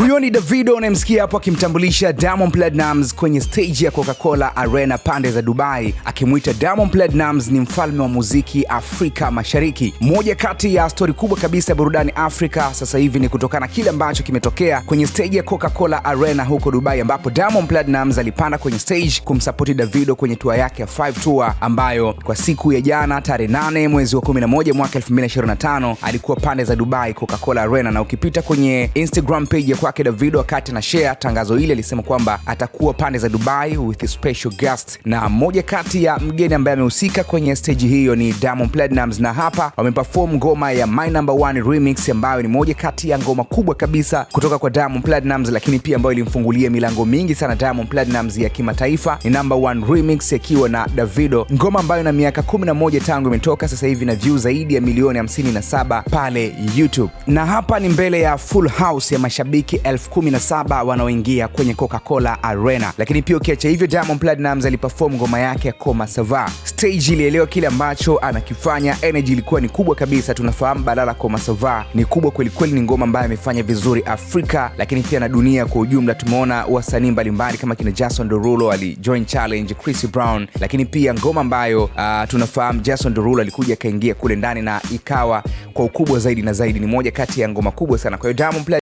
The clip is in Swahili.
Huyo ni Davido unayemsikia hapo akimtambulisha Diamond Platnumz kwenye stage ya Coca-Cola Arena pande za Dubai, akimwita Diamond Platnumz ni mfalme wa muziki Afrika Mashariki. Moja kati ya stori kubwa kabisa ya burudani Afrika sasa hivi ni kutokana na kile ambacho kimetokea kwenye stage ya Coca-Cola Arena huko Dubai, ambapo Diamond Platnumz alipanda kwenye stage kumsapoti Davido kwenye tour yake ya 5 tour ambayo kwa siku ya jana tarehe 8 mwezi wa 11 mwaka 2025 alikuwa pande za Dubai Coca-Cola Arena, na ukipita kwenye Instagram page ya wake david wakati na share tangazo hili alisema kwamba atakuwa pande za Dubai with special guest, na moja kati ya mgeni ambaye amehusika kwenye steji hiyo ni Diamond Platnumz, na hapa wameperform ngoma ya My Number One remix ambayo ni moja kati ya ngoma kubwa kabisa kutoka kwa Diamond platnams lakini pia ambayo ilimfungulia milango mingi sana Diamond Platnumz ya kimataifa. Ni Number One remix yakiwa na Davido, ngoma ambayo na miaka 11 tangu imetoka sasa hivi na view zaidi ya milioni 57 pale YouTube, na hapa ni mbele ya full house ya mashabiki mashabiki 17 wanaoingia kwenye Coca-Cola Arena. Lakini pia ukiacha hivyo, Diamond Platnumz aliperform ngoma yake Koma Sava. Stage ilielewa kile ambacho anakifanya, energy ilikuwa ni kubwa kabisa. Tunafahamu balala Koma Sava ni kubwa kweli kweli, ni ngoma ambayo amefanya vizuri Afrika lakini pia na dunia kwa ujumla. Tumeona wasanii mbalimbali kama kina Jason Derulo alijoin challenge, Chris Brown, lakini pia ngoma ambayo uh, tunafahamu Jason Derulo alikuja akaingia kule ndani na ikawa kwa ukubwa zaidi na zaidi, ni moja kati ya ngoma kubwa sana. Kwa hiyo Diamond